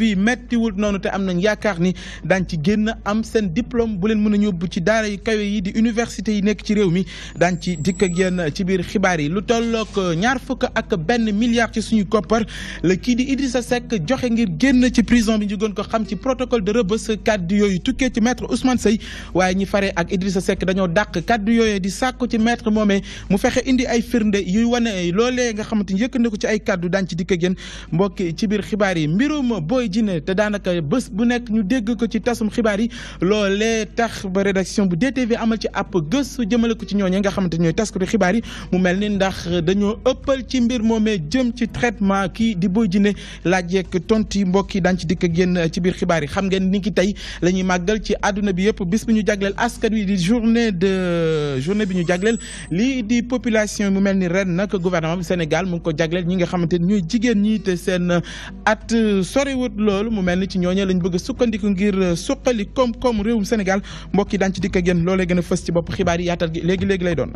bi mettiwul noonu te am nañ yaakaar ni daañ ci génn am seen diplôme bu leen mën a yóbbu ci daara yu kawe yi di université yi nekk ci réew mi daañ ci dikk ak ci biir xibaar yi lu tollook euh, ñaar fukk ak benn milliard ci suñu koppar la kii di sa Seck joxe ngir génn ci prison bi ñu ko xam ci protocole de Rebeuss kàddu yooyu tukkee ci maître Ousmane Seye waaye ñi fare ak sa Seck dañoo dàq kàddu yooyu di sàkku ci maître moomee mu fexe indi ay firnde yuy wane loolee nga xamante ni yëkkandi ko ci ay kàddu daañ dikk ak yéen mbokki ci biir yi mbirum jinne te danaka bëss bu nek ñu dégg ko ci tassum xibaar yi loolee tax ba rédaction bu DTV amal ci app gëstu jëmele ko ci ñoñ nga xamante ñooy taskatu xibaar yi mu melni ndax dañoo ëppal ci mbir momé jëm ci traitement ki di Boy Djiné laaj yeeg tontu yi mbokk yi daan ci dikk ci biir xibaar yi xam ngeen ni ki tey la ñuy ci aduna bi yépp bis bi ñu jagleel askan wi di journée de journée bi ñu jagleel li di population mu melni ren nak gouvernement bu Sénégal mu ko jagleel ñi nga xamanteni ñoy jigen ñi te sen at soriwut loolu mu mel ni ci ñooñe lañu bëgg sukkandiku ngir euh, suqali koom-koom réewum Sénégal mbokk daan ci dikk ak yéen loolee gën a fës ci bopp xibaar yi yaatal léegi léegi lay doon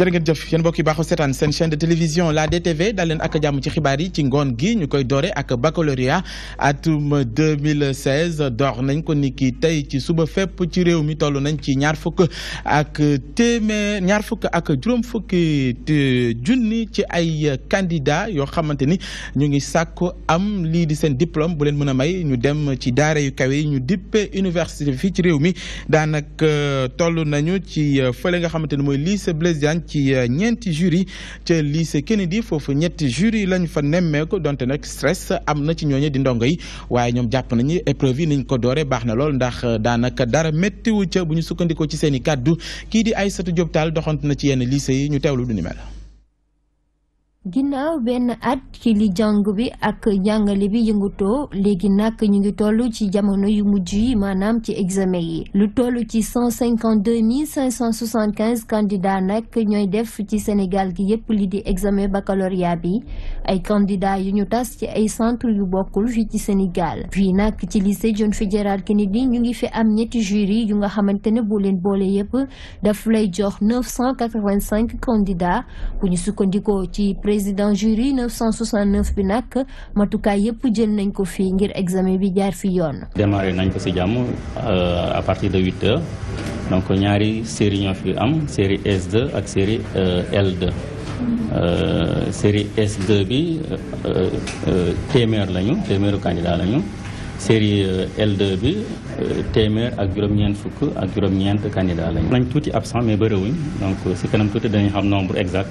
jërë ngeen jëf yéen mbokk yi baaxu seetaan seen chaîne de télévision la DTV d'alen leen ak jàmm ci xibaar yi ci ngoon gi ñu koy ak baccalauréat atum 2016 door nañ ko niki ki tey ci suba fépp ci réew mi toll nañ ci ñaar fukk ak téeméer ñaar fukk ak juróom fukki junni ci ay candidat yoo xamante ni ñu ngi sàkku am lii di seen diplôme bu leen mën a may ñu dem ci daara yu kawe yi ñu dippe université fii ci réew mi daanaka toll nañu ci fële nga xamante ni mooy lycée Blaise ci euh, ñeenti jury ca lycée Kennedy foofu ñetti jury lañ fa nemmeeku donte nag stress am na ci ñooñu di ndongo yi waaye ñoom jàpp nañu épreuve yi niñ ko dooree baax na lool ndax euh, daanaka dara méttiwu ca bu ñu sukkandikoo ci seen i kàddu kii di ay satu Tall doxant na ci yenn lycée yi ñu teewlu du ni mel ginaaw ben at ci li jàng bi ak jàngale bi yëngatoo legui nak ñu ngi tollu ci jamono yu mujj manam ci examen yi lu tollu ci 152575 candidats nag ñooy def ci Sénégal gi yépp li di examen baccalauréat bi ay candidats yu ñu tass ci ay centre yu bokul fii ci Sénégal fi nak ci lycée John Fitzgerald Kennedy ñu ngi fi am ñetti jury yu nga xamantene bo boo leen boole yépp daf lay jox 985 candidats bu ñu sukkandiko ci président jury 969 bi nag matukaay yëpp jël nañ ko fii ngir examen bi jaar fi yoon. démarré nañ ko si jàmm euh, à partir de 8 heures donc ñaari série ñoo fi am série s ak série euh, L2. Euh, série S2 bi téemeer lañu téeméeru candidat lañu. série L2 bi téeméer ak juróom-ñeent fukk ak juróom-ñeent candidat lañu. nañ tuuti absent mais bëriwuñ donc si kanam tuuti dañu xam nombre exact.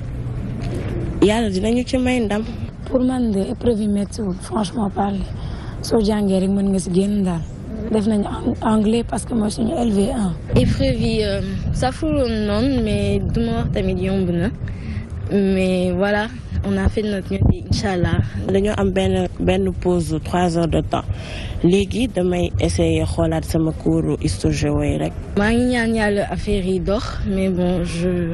yàlla dinañu ci may ndam. pour man de épreuve yi méttiwul franchement parler soo jàngee rek mën nga si génn daal. def nañu anglais parce que mooy suñu LV1. épreuve yi safuloon euh, non, mais du ma wax tamit yomb na mais voilà on a fait notre mieux incha allah. dañoo am benn benn pause trois heures de temps léegi damay essayer xoolaat sama cours histoire géo rek. maa ngi ñaan yàlla affaire yi dox mais bon je.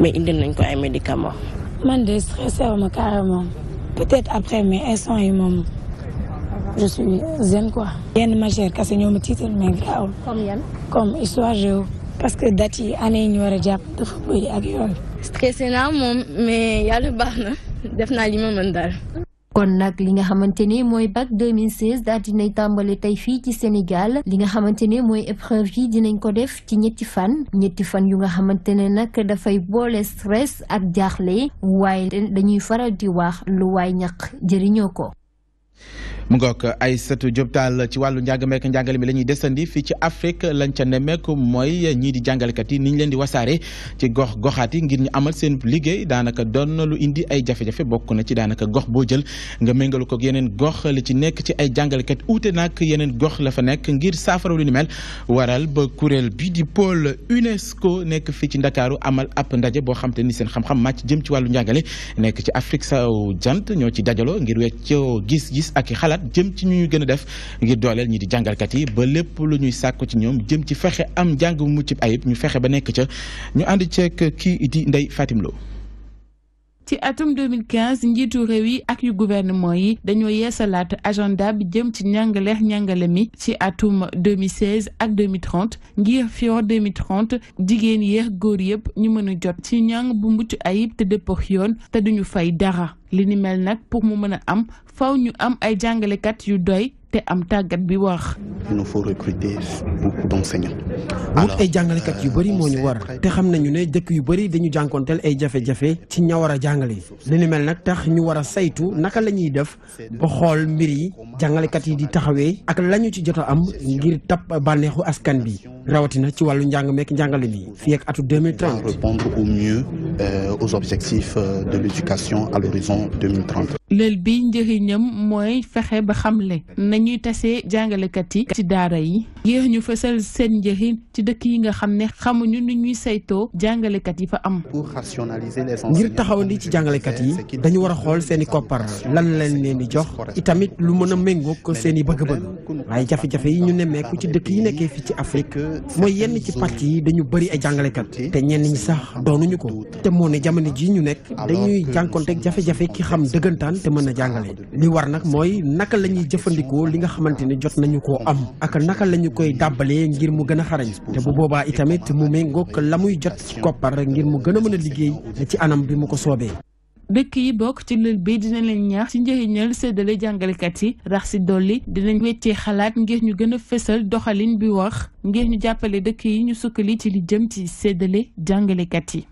mais indil nañ ko ay médicament man de stressé wu oh, ma carrément peut-être après mais instant yi moom je suis zen quoi. yenn majeur kese ñoo ma tiital mais gaawul. Oh. comme yan comme histoire géo. parce que dates yi année yi ñu war a jàpp dafa bëri ak yoon. stressé naa moom mais yàlla baax na def naa li ma mën daal. kon nag li nga xamante ni mooy bac 2016 daal dinay tàmbali tey fii ci Sénégal li nga xamante ne mooy épreuve yi dinañ ko def ci ñetti fan ñetti fan yu nga xamante ne nag dafay boole stress ak jaaxle waaye dañuy faral di wax lu waay ñaq jëriñoo ko mu ngoog ay Diop Tall ci wàllu njàng meek njàngale mi la ñuy desandi fii ci Afrique lañ ca nemmeeku mooy ñii di jàngalekat yi ni leen di wasaare ci gox goxaat ngir ñu amal seen liggéey danaka doon lu indi ay jafe-jafe bokk na ci daanaka gox boo jël nga méngalu ko yeneen gox li ci nekk ci ay jàngalekat uute nag yeneen gox la fa nekk ngir saafara lu ni mel waral ba kuréel bi di pôle UNESCO nekk fii ci Ndakaaru amal ab ndaje boo xam te ni seen xam-xam màcc jëm ci wàllu njàngale nekk ci Afrique saw jant ñoo ci dajaloo ngir gis-gis ak xalaat jëm ci ñu ñu gën a def ngir dooleel ñi di jàngalkat yi ba lépp lu ñuy sàkku ci ñoom jëm ci fexe am jàng mucc ayib ñu fexe ba nekk ca ñu ànd ceeg kii di Ndeye Fatim Lo ci atum 2015 njiitu réew yi ak yu gouvernement yi dañoo yeesalaat agenda bi jëm ci njàngaleex njàngale mi ci atum 2016 ak 2030 ngir fior 2030 jigéen yéex góor yëpp ñu mën a jot ci njàng bu mucc ayib te dëppook yoon te duñu fay dara li ni mel nag pour mu mën a am faw ñu am ay jàngalekat yu doy te am tàggat bi wax. il faut recruter wut ay jàngalekat yu bari moo ñu euh, war te xam nañu ne dëkk yu bëri dañu jànkoonteel ay jafe-jafe ci ña war a jàngale li mel nag tax ñu war a saytu naka la ñuy def ba xool mbir yi jàngalekat yi di taxawee ak lañu ci jot a am ngir tab bànneexu askan bi. rawatina ci walu njàng mek njàngale li fi ak atu 2030 répondre au mieux euh, aux objectifs euh, de l'éducation à l'horizon 2030 lël bi njëriñam moy fexé ba xamlé nañuy tasee kat yi ci daara yi ngir ñu fësal seen njëriñ ci dëkk yi nga xamné ne xamuñu nu ñuy saytoo kat yi fa am ngir taxawandi ci kat yi dañu wara xol xool seen i koppar lan lañ leen di jox itamit lu mëna mengo ko seen bëgg-bëgg waaye jafé jafé yi ñu némé ku ci dëkk yi nekké fi ci Afrique mooy yenn ci parti yi dañu bëri ay jàngalekat te ñenn ñi sax doonuñu ko te moo ne jamono ji ñu nekk dañuy jànkonteeg jafe-jafe ki xam dëggantaan te mën a jàngale li war nag mooy naka la ñuy jëfandikoo li nga xamante ne jot nañu ko am ak naka la ñu koy dàbbalee ngir mu gën a xarañ te bu boobaa itamit mu méngoog la muy jot ci koppar ngir mu gën a mën a liggéey ci anam bi mu ko soobee dëkk yi bokk ci lël bi dina leen ñaax ci njëriñal séddale jàngalekat yi rax si dolli dinañ weccee xalaat ngir ñu gën a fësal doxalin bi wax ngir ñu jàppale dëkk yi ñu sukkali ci li jëm ci séddale jàngalekat yi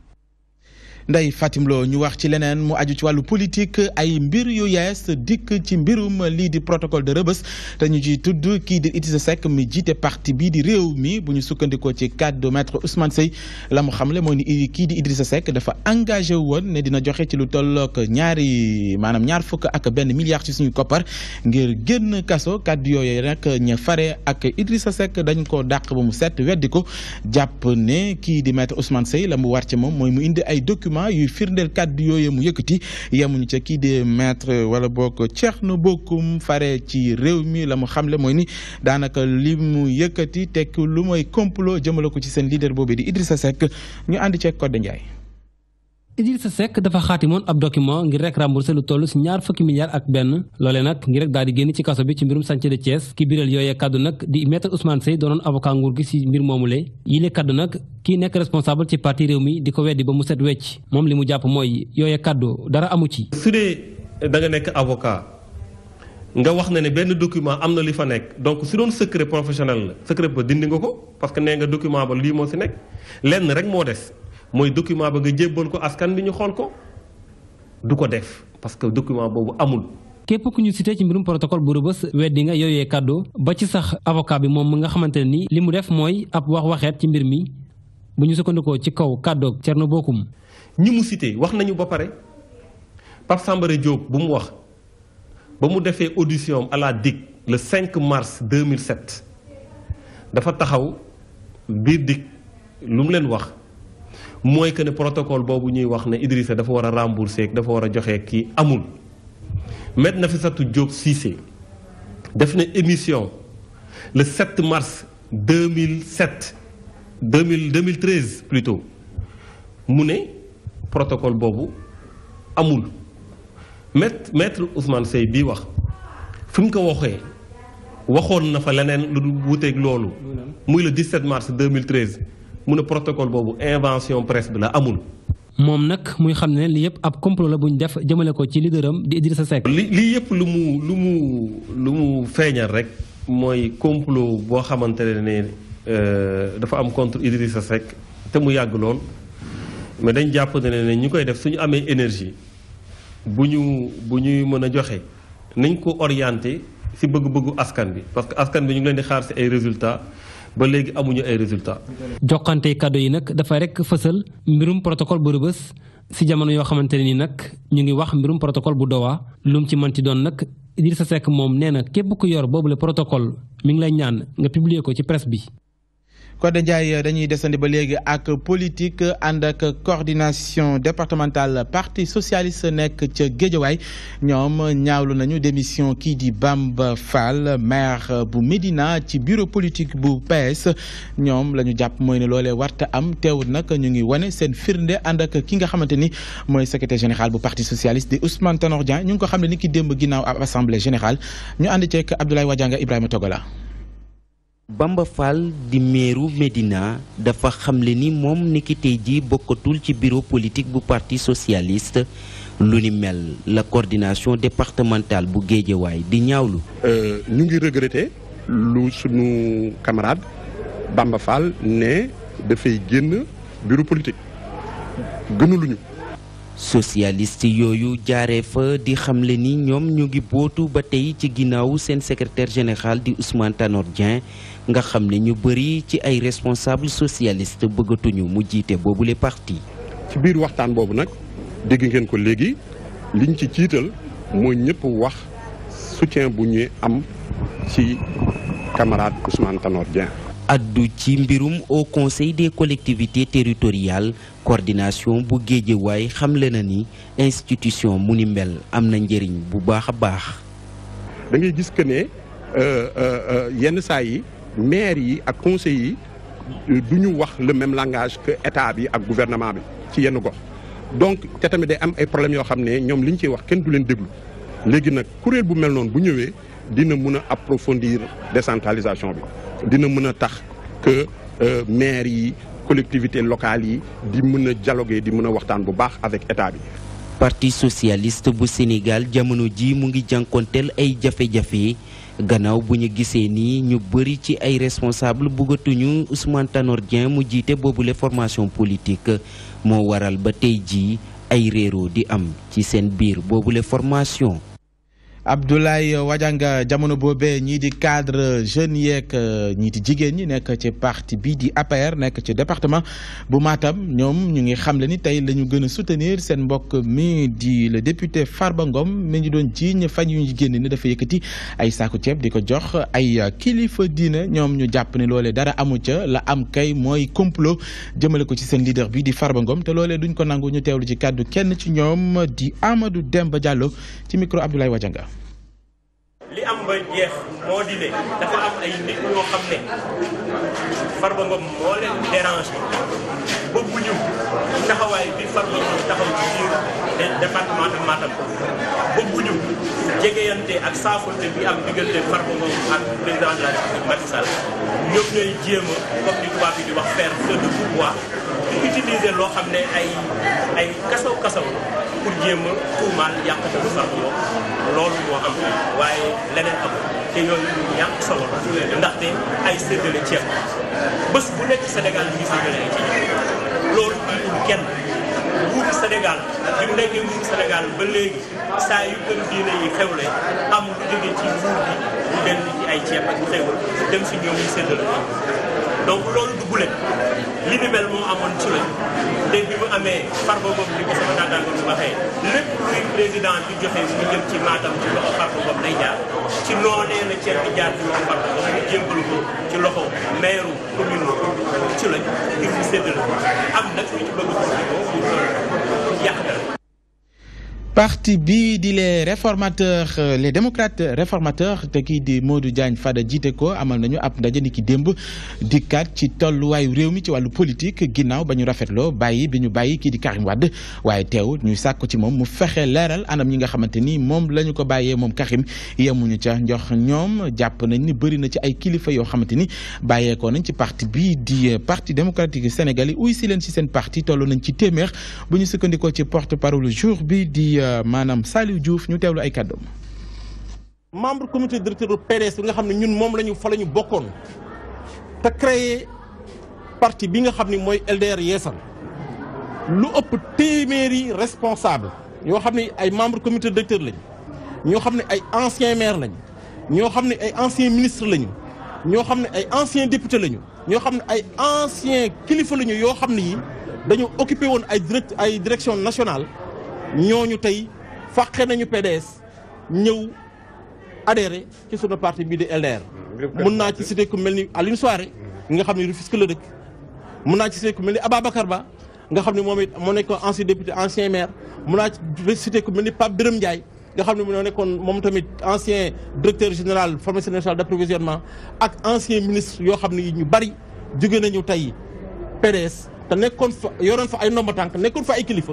Ndeye Fatim Lo ñu wax ci leneen mu aju ci wàllu politique ay mbir yu yees dikk ci mbirum lii di protocole de Rebeuss te ñu ciy tudd kii di Idrissa Seck mi jiite parti bii di réew mi bu ñu sukkandikoo ci cadre maître Ousmane la mu xamle mooy ni kii di Idrissa Seck dafa engagé woon ne joxe ci lu tollook ñaari maanaam ñaar fukk ak benn milliard suñu koppar ngir génn kaso kaddu yooyu nag ña fare ak Idrissa Seck dañ koo dàq ba mu set weddi ko jàpp ne kii di maître Ousmane Seye la mu war ci moom mooy mu indi ay documents élément yuy firndeel kàddu yooyu mu yëkkati yemuñu ca kii de maître wala bokk Thierno Bocoum fare ci réew mii la mu xamle mooy ni daanaka li mu yëkkati tekk lu mooy complot jëmale ko ci seen leader boobee di sa Seck ñu ànd ceeg Codé Ndiaye Idrissa Seck dafa xaatimoon ab document ngir rek remboursé lu toll si ñaar fukki milliards ak benn loolee nag ngir rek daal di génn ci kaso bi ci mbirum chantier de Thiès ki biral yooyee kaddu nag di maître Ousmane Seye doonoon avocat nguur gi si mbir moomule yile kaddu nag kii nekk responsable ci parti réew mi di ko weddi ba mu set wecc moom li mu jàpp mooy yooyee kaddu dara amu ci su dee da nga nekk avocat nga wax na ne benn document am na li fa nekk donc su doon secret professionnel la secret ba dindi nga ko parce que nee nga document ba lii moo si nekk lenn rek moo des Moy document ba nga jébbal ko askan bi ñu xool ko du def parce que document amul. képp ku ñu cité ci mbirum protocole bu rëbës weddi nga yooyee kàddu ba ci sax avocat bi moom mi nga xamante ni li def mooy ab wax waxeet ci mbir mi bu ñu sukkandikoo ci kaw kàddoog Thierno Bocoum. ñi mu cité wax nañu ba pare Pape Sambara Diop bu mu wax ba mu defee audition à la le 5 mars 2007 dafa taxaw biir DIC lu wax. moy que ne protocole Bobu ñuy wax ne Idrissa dafa wara rembourser ak dafa wara joxe ki amul Me Nafissatou Diop Cissé def na émission le 7 mars 2007 2000 2013 plutôt mune protocole Bobu, amul maître maître Ousmane Seye bii wax fi ko waxé waxoon na fa leneen lu ak lolu muy le 17 mars 2013 mu ne protocole boobu invention presse bi la amul. moom nag muy xam ne lii yëpp ab complot la bu ñu def jëmale ko ci leaderam di Idrissa Seck. li lii yëpp lu mu lu mu lu mu feeñal rek mooy complot boo xamante ne euh, dafa am contre Idrissa Seck te mu yàgg lool mais dañ jàpp ne ne ñu koy def suñu amee énergie bu ñu bu ñuy mën a joxe nañ ko orienté si bëgg-bëggu askan bi parce que askan bi ñu leen di xaar si ay résultats. ba léegi amuñu ay résultats. jokkante kàddu yi nag dafay rek fësal mbirum protocole bu rëbës si jamono yoo xamante ne ni nag ñu ngi wax mbirum protocole bu Doha lu mu ci mënti doon nag Idrissa Seck moom nee na képp ku yor protocole mi ngi lay ñaan nga publier ko ci presse bi. Codé Ndiaye euh, dañuy desandi ba léegi ak politique ànd ak coordination départementale parti socialiste nekk ca Géejawaay ñoom ñaawlu nañu démission kii di Bamba Fall maire bu Médina ci bureau politique bu PS ñoom la ñu jàpp mooy ne loolee warta am teewul nag ñu ngi wane seen firnde ànd ak ki nga xamante ni mooy secrétaire général bu parti socialiste di Ousmane Tanor Dieng ñu ngi ko xam ne ni ki démb ginnaaw ab assemblée générale ñu ànd ceeg Abdoulaye Wadianga Ibrahima Togala Bamba Fall di meeru Médina dafa xamle ni moom niki tey ji bokkatul ci bureau politique bu parti socialiste lu ni mel la coordination départementale bu Géejawaay di ñaawlu. Euh, ñu ngi regretter lu sunu camarade Bamba Fall ne dafay génn bureau politique gënuluñu. socialiste yooyu jaaree fa di xamle ni ñoom ñu ngi bootu ba tey ci ginnaaw seen secrétaire général di Ousmane Tanor nga xam ne ñu bëri ci ay responsable socialiste bëggatuñu mu jiite boobu boobule parti. ci biir waxtaan boobu nag dégg ngeen ko léegi liñ ci jiital moo ñëpp wax soutien bu ñuy am ci camarade Ousmane Tanor addu ci mbirum au conseil des collectivités territoriales cordination bu géeje géejewaay xamle na ni institution mu ni mel am na njëriñ bu baax a baax. da gis que euh, euh, euh, yenn saa yi. maire a ak conseil yi du wax le même langage que état bi ak gouvernement bi ci yenn gox donc te tamit day am ay problèmes yoo xam ne ñoom li ciy wax kenn du leen déglu léegi nag kuréel bu mel noonu bu ñëwee dina approfondir décentralisation bi dina mën a tax que euh, maire yi collectivités locales yi di mën a dialoguer di mën a bu baax avec état bi parti socialiste bu Sénégal jamono ji mu ngi jànkonteel ay jafe-jafe gannaaw bu ñu gisee nii ñu bëri ci ay responsable bëggatuñu Ousmane Tanor mu jiite boobule formation politique moo waral ba tey jii ay réeroo di am ci seen biir boobule formation Abdoulaye Wadjanga, jamono Bobé, ñi di cadre jeunes yeeg euh, ñi di jigen ñi nek ci parti Bidi di APR nek ci département bu Matam ñom ñu ngi xamle ni tay soutenir Senbok mbokk mi di le député Farbangom mi ñu doon ci fan yu ñu génn ni dafa yëkëti ay saaku ciép diko jox ay euh, kilifa ñu dara amu la am kay moy complot jëmele ko ci leader bi di Farbangom té lolé duñ ko nangu ñu ci cadre kenn ci ñom di Amadou Demba Diallo ci micro Abdoulaye Wadanga li am ba jeex moo di ne dafa am ay nit ñoo xam ne Farba Ngom moo leen dérangé bëgguñu taxawaay bi Farba Ngom taxaw ci biir département de Matam bëgguñu jegeyante ak saafonte bi am diggante Farba Ngom ak président de la République Macky Sall ñoom ñooy jéem a yi di wax faire feu de pouvoir di utiliser loo xam ne ay ay kasaw kasaw pour jéem a tuumaal yàq dalu far ñoom loolu moo am waaye leneen amul te yooyu ñu ñàkk solo ndaxte ay séddale ceeb bés bu nekk Sénégal ñu ngi séddale ay ceeb loolu pour kenn nguuru Sénégal bi mu nekkee nguuru Sénégal ba léegi saa yu kër diine yi xewle am lu jógee ci nguur bi ñu dellu ci ay ceeb ak xewal dem si ñoom ñu séddale donc loolu du gulet li ni mel moo amoon ci la te bi mu amee Farba Ngom li ko sama naataango bi waxee lépp luy président di joxe mu jëm ci maatam ci loxo Farba Ngom lay jaar ci noonee la ceeb jaar ci loxo Farba Ngom ñu jébbal ko ci loxo maire commune ci la ngir ñu séddale am nag ñu ci bëgg a profité pour yàq dara parti B di les réformateurs euh, les démocrates réformateurs te dit di Modou Diagne Fada jité ko amal nañu ab ndaje ni ki di dikkaat ci tollu réew ci walu politique ginnaw bañu ñu bayyi biñu bayyi ki di Karim Wade waye teew ñu sakku ci mom mu anam ñi nga xamanteni mom lañu ko Karim yemuñu ca njox ñom japp nañ ni bëri na ci ay kilifa parti bi di euh, parti démocratique sénégalais ou ici leen ci sen parti tollu nañ ci témèr porte parole jour bi di. Euh, maanaam Saliou Diouf ñu teewlu ay kàddoom. membre comité directeur bu PDS bi nga xam ne ñun moom lañu ñu fa la ñu bokkoon te créé parti bi nga xam ni mooy LDR Yeesal lu ëpp téeméeri responsable yoo xam ne ay membre comité directeur lañ ñoo xam ne ay ancien maire lañ ñoo xam ne ay ancien ministre lañu ñoo xam ne ay ancien député lañu ñoo xam ne ay ancien kilifa lañu yoo xam ne yi dañu occupé woon ay direct ay direction nationale ñooñu tay faxé nañu PDS ñëw adhéré ci sunu parti bi di LDR. mën naa ci cité ku melni ni Alioune Souaré mm-hmm. nga xamni ne Rufisque la dëkk. mën naa ci cité ku mel ni Ba nga xamni momit mo it ancien député ancien maire mën naa ci cité ku melni ni Pape Birame Ndiaye. nga xamni mo moo mom tamit ancien directeur général formation nationale d'approvisionnement ak ancien ministre yo xamni ñu bari jóge nañu tay PDS te nekkoon fa yoroon fa ay ndomba tank nekkoon fa ay kilifa.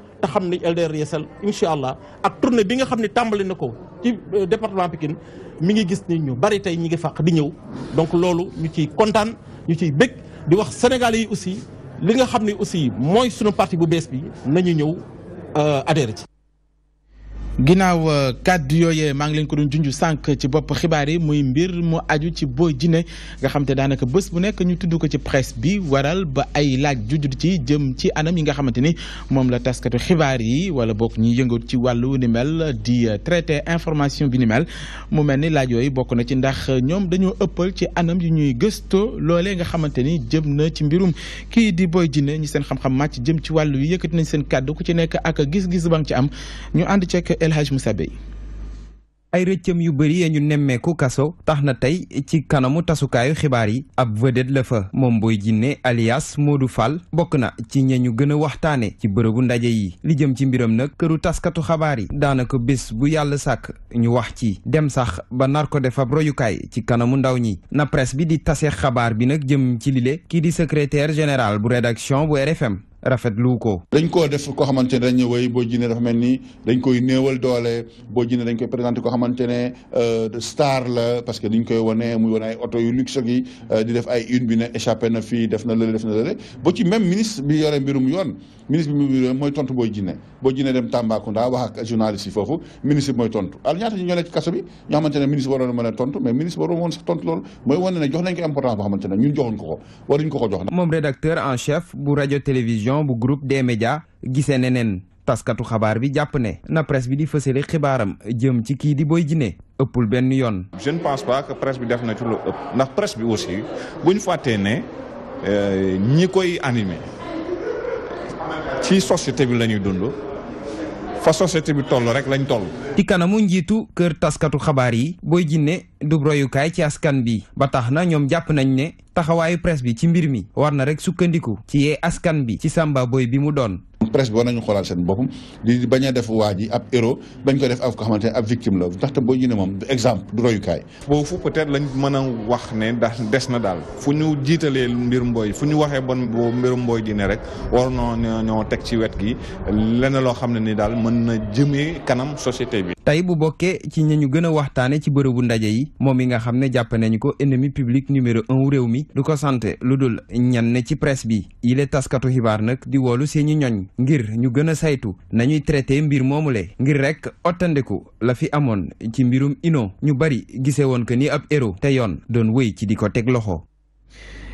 te xam ni LDR Yeesal incha allah ak tournée bi nga xam ne tàmbali na ko ci euh, département Pikine mi ngi gis ni ñu bari tey ñi ngi fàq di ñëw donc loolu ñu ci kontaan ñu ciy bëgg di wax sénégal yi aussi li nga xam ne aussi mooy sunu partie bu bees bi nañu ñëw euh, adhéré ci. ginnaaw euh, kàddu yooye maa ngi leen ko doon junj sànq ci bopp xibaar yi muy mbir mu aju ci Boy Djiné nga xam te daanaka bés bu nekk ñu tudd ko ci presse bi waral ba ay laaj jujjut ci jëm ci anam yi nga xamante ni moom la taskatu xibaar yi wala boog ñuy yëngat ci wàllu ni mel di euh, traité information bi ni mel mu mel ni laaj yooyu bokk na ci ndax ñoom dañoo ëppal ci anam yu ñuy gëstoo loole nga xamante ni jëm na ci mbirum kii di Boy Djiné ñi seen xam-xam màcc jëm ci wàllu yi nañ seen kàddu ku ci nekk ak gis-gis ba nga ci am El Hadj Moussa ay rëccëm yu bëri ya ñu nemmeeku kaso tax na tey ci kanamu tasukaayu xibaar yi ab vedette la fa moom booy jinne alias du fal bokk na ci ña ñu gën a waxtaane ci bërëbu ndaje yi li jëm ci mbiram nag këru taskatu xabaar yi daanaka bés bu yàlla sàkk ñu wax ci dem sax ba nar ko def ab ci kanamu ndaw ñi na presse bi di tasee xabaar bi nag jëm ci lile kii di secretaire général bu rédaction bu RFM Rafet Louko. dañ ko def ko xamantene ne dañ woy bo jinne dafa melni dañ koy néewal doolé bo jinne dañ koy présenter ko xamantene euh star la parce que dañ koy woné muy wane auto yu luxe gi euh, di def ay une bi né échappé na fi def na lële def na lële bo ci même ministre bi yoré mbirum yoon ministre bi mbirum yoon tontu bo jinne bo jinne dem Tambacounda wax ak journaliste yi foofu ministre moy tontu al ñaata ñu ñoo nekk ci kaso bi ñu xamantene ministre waroon na mën tontu mais ministre waroon woon sax tontu lool moy wane ne jox nañ ko importance boo xamante ñun joxuñ ko ko war ñu ko ko jox. mom rédacteur en chef bu radio télévision communication bu groupe des média gisee neneen taskatu xabaar bi jàpp ne na presse bi di fësale xibaaram jëm ci kii di Boy Djiné ëppul benn yoon. jeune ne pense pas que presse bi def na ci lu ëpp ndax presse bi aussi bu ñu fàttee ne euh, ñi koy animé ci société bi la ñuy dund. fa société bi toll rek lañu toll. ci kanamu njiitu kër taskatu xabaar yi booy jinne du royukaay ci askan bi ba tax na ñoom jàpp nañ ne taxawaayu presse bi ci mbir mi war na rek sukkandiku ci yee askan bi ci sàmba booy bi mu doon. presse bi war nañu xoolaal seen boppam di a def waa ji ab bañ ko def ab ko xamante ne ab la ndaxte boo ñu ne moom du exemple du royukaay. foofu peut-être lañ mën a wax ne des na daal fu ñu jiitalee mbir mbooy fu ñu waxee bo mbirum mbooy diine rek war noo ñoo teg ci wet gi lenn loo xam ne ni daal mën na jëmee kanam société bi. tey bu bokkee ci ñi ñu gën a waxtaane ci bërëbu ndaje yi moom yi nga xam ne jàpp nañu ko ennemi public numéro un réew mi du ko sant lu dul ñan ne ci presse bi yile taskatu xibaar nag di woolu seeni ñoñ ngir ñu gën a saytu nañuy traité mbir moomule ngir rek ottandeku la fi amoon ci mbirum ino ñu bari gisee woon que ni ab héros te yoon doon wéy ci di ko teg loxo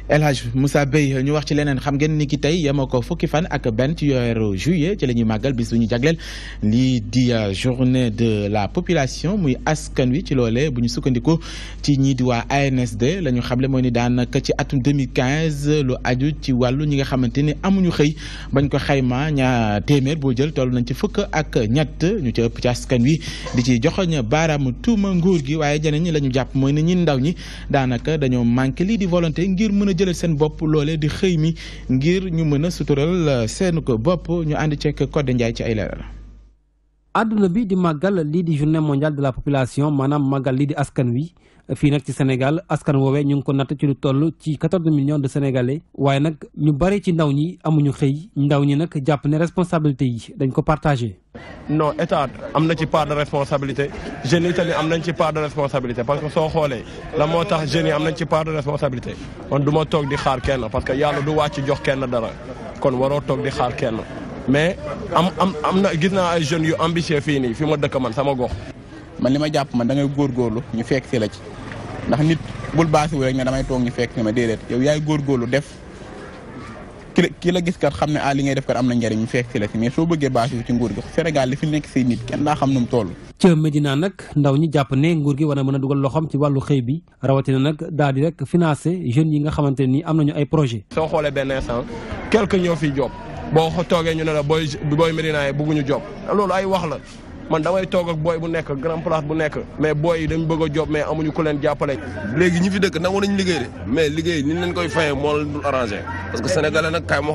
El Hadj Moussa Bey ñu wax ci leneen xam ngeen ni ki tey yemoo fukki fan ak benn ci weeru juillet ci lañu ñuy màggal bis bu ñu jagleel lii di euh, journée de la population muy askan wi ci lolé buñu sukkandiko ci ñi di wa ANSD lañu xamlé moy mooy ni daanaka ci atum 2015 lu aju ci walu ñi nga xamanteni amuñu xey bañ ko xayma ña téeméer bo jël tollu nañ ci fukk ak ñatt ñu ci ëpp ci askan wi di ci joxoñ baaraamu tuuma nguur gi waye jeneen lañu japp moy ni ñi ndaw ñi daanaka dañoo manké li di volonté ngir mën jëlee seen bopp loolee di xëy mi ngir ñu mën a sutural euh, seen ko bopp ñu ànd ceeg Codé Ndiaye ci ay leeral. àdduna bi di màggal lii di journée mondiale de la population maanaam màggal lii di askan wi. fii nag ci Sénégal askan woowee ñu ngi ko natt ci lu toll ci 14 millions de sénégalais waaye nag ñu bari ci ndaw ñi amuñu xëy ndaw ñi nag jàpp ne responsabilité yi dañ ko partagé. no état am na ci part de responsabilité jeunes yi am nañ ci part de responsabilité parce que soo xoolee la moo tax jeunes yi am nañ ci part de responsabilité kon du di xaar kenn parce que yàlla du wàcc jox kenn dara kon waroo toog di xaar kenn mais am am am na gis naa ay jeunes yu ambitieux fii nii fi ma dëkk man sama gox. man li ma jàpp man da ngay góorgóorlu ñu fekk si la ci. ndax nit bul baasiwu rek ne damay toog ñu fekk ne ma déedéet yow yaay góorgóorlu def ki kii la gis kat xam ne ah li ngay def kat am na njëriñ ñu fekk si la si mais soo bëggee baasiwu ci nguur gi Sénégal li fi nekk si nit kenn daa xam nu tool toll. ca Medina nag ndaw ñi jàpp ne nguur gi war na mën a dugal loxoom ci wàllu xëy bi rawatina nag daal di rek financé jeunes yi nga xamante ne nii am nañu ay projet soo xoolee benn instant quelque ñoo fiy job boo toogee ñu ne la booy booy Medina yi bëgguñu job loolu ay wax la man damay toog booy bu nekk grand place bu nekk mais booy yi dañ bëgg a job mais amuñu ku leen jàppale. léegi ñi fi dëkk nangu nañ liggéey mais liggéey ni leen koy fayee moo leen dul arrangé parce que sénégalais a gëm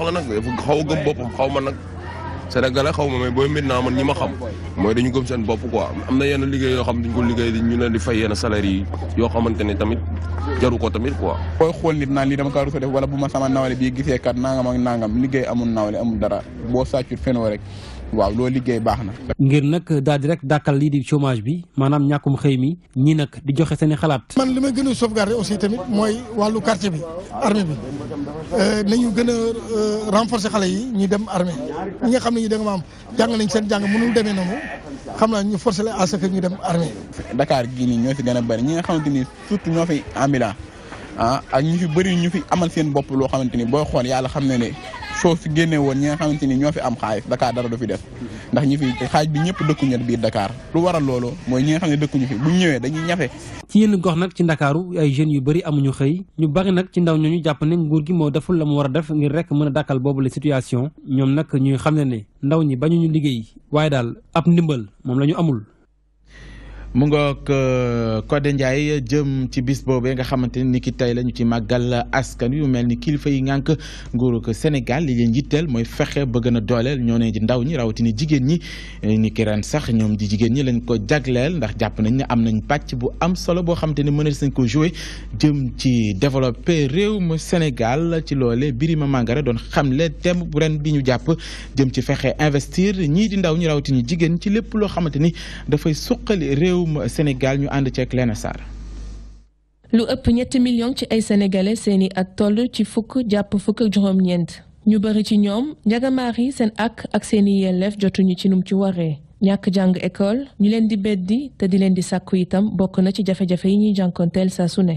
boppam xaw ma xaw ma mais booy mit ma xam mooy dañu gëm seen bopp quoi am yenn liggéey yoo xam dañ ko liggéey ñu leen di fay yenn salaire yi yoo ne tamit jaru ko tamit quoi booy xool nit naan lii dama kaa wala bu ma sama nawale bii gisee kat nangam ak nangam liggéey amul nawale amul dara boo sàccut fenoo rek waaw loo liggéey baax na. ngir nag daal di dàkkal lii di chômage bi maanaam ñàkkum xëy mi ñi nag di joxe seen i xalaat. man li may gën a sauvegarder aussi tamit mooy wàllu quartier bi armée bi euh, nañu gën a euh, renforcer xale yi ñu dem armée ñi nga xam ne ñu da nga maam jàng nañ seen jàng mënul demee noonu xam naa ñu forcer ñu dem armée. Dakar gii ñoo si gën bëri ñi nga xamante ni surtout ñoo fi ambulant ah ak ñu fi bëri ñu fi amal seen bopp loo xamante ni boo xool yàlla xam ne ne soo fi génne woon ñi nga xamante ni ñoo fi am xaalis Dakar dara du fi def ndax ñi fi xaaj bi ñëpp dëkkuñu biir Dakar lu waral loolu mooy ñi nga xam ne dëkkuñu fi buñ ñëwee dañuy ñafe ci yenn gox nag ci Ndakaaru ay jeunes yu bëri amuñu xëy ñu bari nag ci ndaw ñu jàpp ne nguur gi moo deful la mu war a def ngir rek mën a dàkkal boobu la situation ñoom nag ñuy xam ne ne ndaw ñi bañuñu liggéey waaye daal ab ndimbal moom la ñu amul mu ngoog euh, Codé Ndiaye jëm ci bis boobee nga xamante ni ki tey la ñu ci Senegal askan yu mel ni kilifa yi ngànk nguuru ko Sénégal li leen yitteel mooy fexe ba gën a dooleel ñoo ne ndaw ñi rawatina jigéen ñi eh, ni ki ren sax ñoom di jigéen ñi lañ ko jagleel ndax jàpp nañ ne am nañ pàcc bu am solo boo xamante ni mënees ko joué jëm ci développé réew mu Sénégal ci loole Birima Mangara doon xamle thème bu ren bi ñu jàpp jëm ci fexe investir ñii di ndaw ñi rawatina jigéen ci lépp loo xamante ni dafay suqali réew réewum Sénégal ñu ànd ceeg Lena Sarr. lu ëpp ñetti million ci ay sénégalais seeni ak toll ci fukk jàpp fukk ak juróom-ñeent ñu bëri ci ñoom njagamaar yi seen ak ak seeni yelleef jotuñu ci num ci waree ñàkk jàng école ñu leen di beddi te di leen di sàkku itam bokk na ci jafe-jafe yi ñuy jànkonteel telsa su ne.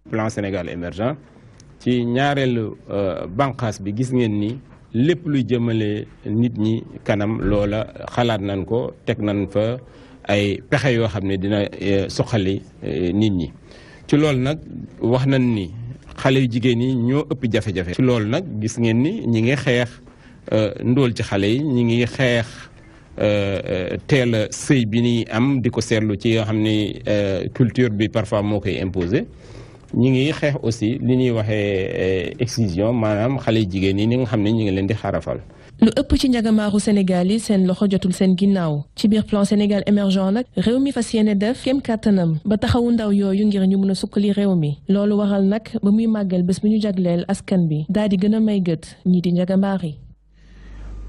plan Sénégal émergent ci ñaareelu euh, bankas bi gis ngeen ni lepp luy les nit ñi kanam loola xalaat nan ko tek nan fa ay pexé yo xamné dina euh, soxali euh, nit ñi ci lool nak wax ni ñoo ci ni ñi ngi a bi ni am diko seetlu ci yo xamné culture bi parfois moo koy ñi ngi xeex aussi li ñuy waxee eh, excision maanaam xale jigéen ñi ni nga xam ne ñu ngi leen di xarafal. lu ëpp ci njagamaaru Sénégal yi seen loxo jotul seen ginnaaw ci biir plan Sénégal émergent nag réew mi fas yéene def kem kattanam ba taxawu ndaw yooyu ngir ñu mun a sukkali réew mi loolu waral nag ba muy màggal bés bu ñu jagleel askan bi daal di gën a may gët ñii di njagamaar yi.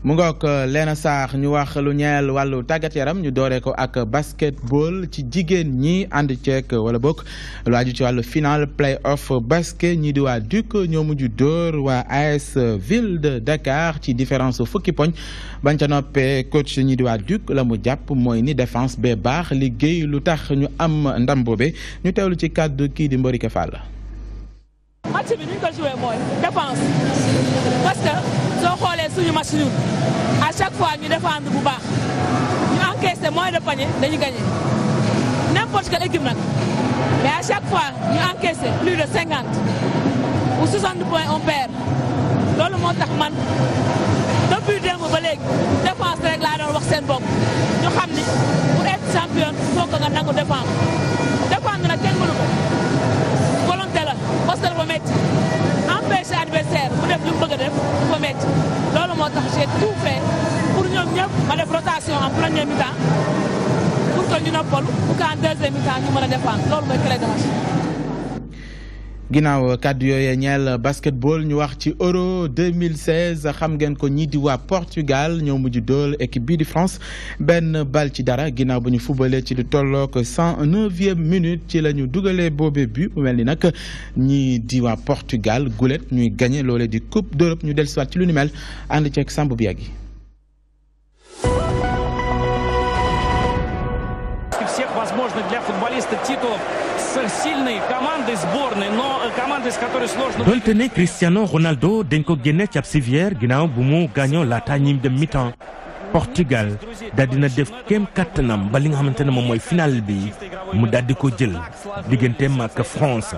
mu ngoog euh, Léna Sarr ñu wax lu ñeel walu tagat yaram ñu dooree ko ak basketball ci jigen ñi ci ak wala bok laaju ci walu final play off basket ñi di wa DUC ñoo mujj dóor AS Ville de Dakar ci différence fukki poñ bañ ca coach ñi di wa DUC la mu jàpp ni défense bee baax liggéey lu tax ñu am ndam boobe ñu tewlu ci cadre ki di Mborike Fall. match bi ñu ko défense parce que suñu à chaque fois ñu défendons bu baax ñu encaissé moins de panier dañu gagné n'importe quel équipe nak mais à chaque fois ñu encaissé plus de 50 ou 60 points on perd lolu le tax man depuis démb ba léegi défense rek la doon wax sen bopp ñu xam ni pour être champion faut que nga nangu défendre défendre nak kenn mënu ko volonté la parce que adversaire bu def li mu bëgg a def du ko métti loolu moo tax j'ai tout fait pour ñoom ñëpp ma def rotation en premier mi-temps pour que ñu noppalu pour qu'en deuxième mi ñu mën a défendre loolu mooy clé de Ginao kaddu yooyu ñeel basketball ñu wax ci euro 2016 xam ngeen ko di Portugal ñoo mujj équipe bii di France benn bal ci dara ginnaaw bu ñu fubalee ci di cent neuvième minute ci la ñu dugalee boobee mu mel ni di Portugal Goulet ñuy gagné loolee di coupe d'Europe ñu dellusiwaat ci lu ni mel Dontene Cristiano Ronaldo dañ ko génne ci ab civière ginnaaw bu mu gaañoo laata mi-temps Portugal daal dina def kéem kattanam ba li nga final bi mu daal di ko jël ak France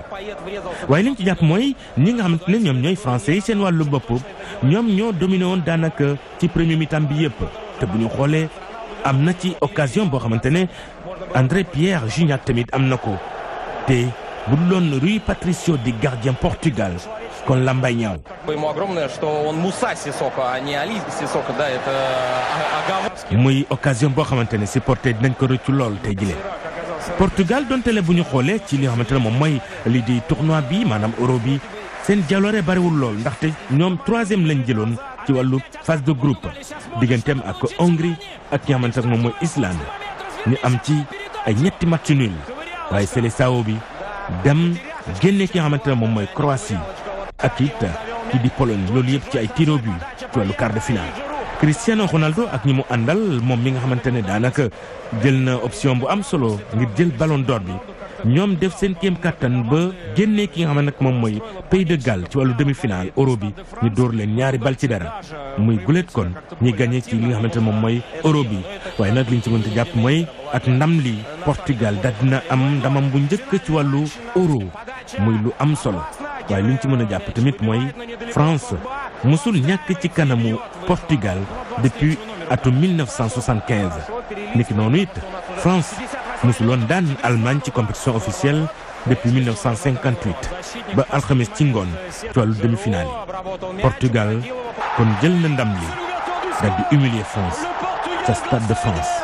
waaye li ñu ci jàpp mooy ñi nga français yi seen wàllu bopp ñoom ñoo dominé ci premier mi-temps bi yëpp te bu ci occasion boo xamante André Pierre Gignac amnoko. am te bu doon Rui Patricio di gardien Portugal kon lambay ñaaw. Uh, muy occasion boo xamante ne supporter dinañ ko rëccu lool te jile Portugal donte le bu ñu xoolee ci li nga xamante ne moom mooy li di tournoi bi maanaam euro bi seen jaloore bariwul lool ndaxte ñoom troisième lañ jëloon ci wàllu phase de groupe digganteem ak Hongrie ak ki nga moom mooy Islande ñu am ci ay ñetti match nul waaye Seleção bi dem génne ki nga xamante ne moom mooy Croatie ak it ki di Pologne loolu yëpp ci ay tiro bi ci wàllu quart de finale. Cristiano Ronaldo ak ñi mu àndal moom mi nga xamante ne daanaka jël na option bu am solo ngir jël baloon d'or bi. ñoom def seen kéem kattan ba génnee ki nga xam ne nag moom mooy Pays de ci wàllu demi-finale euro bi ñu dóor leen ñaari bal ci dara muy gulet kon ñuy gagné ci li nga xamante ne moom mooy euro bi waaye nag li ñu ci mënta jàpp mooy ak ndam li Portugal daal dina am ndamam bu njëkk ci wàllu euro muy lu am solo waaye li ñu ci mën a jàpp tamit mooy France mosul ñàkk ci kanamu Portugal depuis atum 1975 niki noonu it France. nous dans Allemagne ci compétition officielle depuis 1958 ba mes ci ngoon demi-finale Portugal comme jël le ndam li daal humilier France sa Stade de France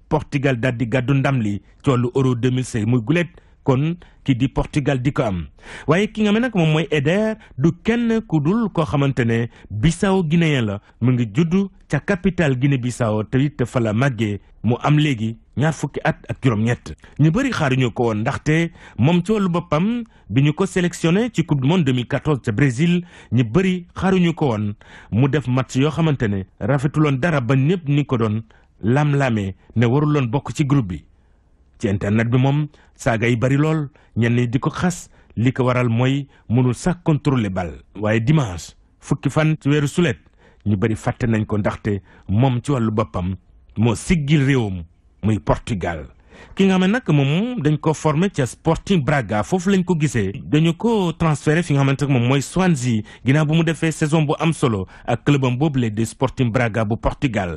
Portugal daal di damli ndam li ci wàllu euro 2016 muy gulet kon ki di Portugal di ko am amena ki nga xam ne nag Eder du kenn ku dul koo xamante ne Bissau Guinéen la mu ngi judd ca capitale Guinée Bissau te fa la mu am léegi ñaar fukki at ak juróom-ñett ñu bëri xaaruñu ko woon ndaxte moom ci wàllu boppam bi ko sélectionné ci coupe du monde 2014 ca Brésil ñu bëri xaaruñu ko woon mu def match ne dara ba ñëpp ni ko lam-lamee ne waruloon bokk ci groupe bi ci internet bi moom saaga yi bari lool ñenn ñi di ko xas li ko waral mooy mënul sax contrôler waaye dimanche fukki fan ci weeru sulet ñu bari fàtte nañ ko ndaxte moom ci wàllu boppam moo siggil réewam muy Portugal ki nga xam ne nag moom dañ ko formé ca Sporting Braga foofu lañ ko gisee dañu ko transféré fi nga xamante ne moom mooy Swansea ginnaaw bu mu defee saison bu am solo ak boobu lee de Sporting Braga bu Portugal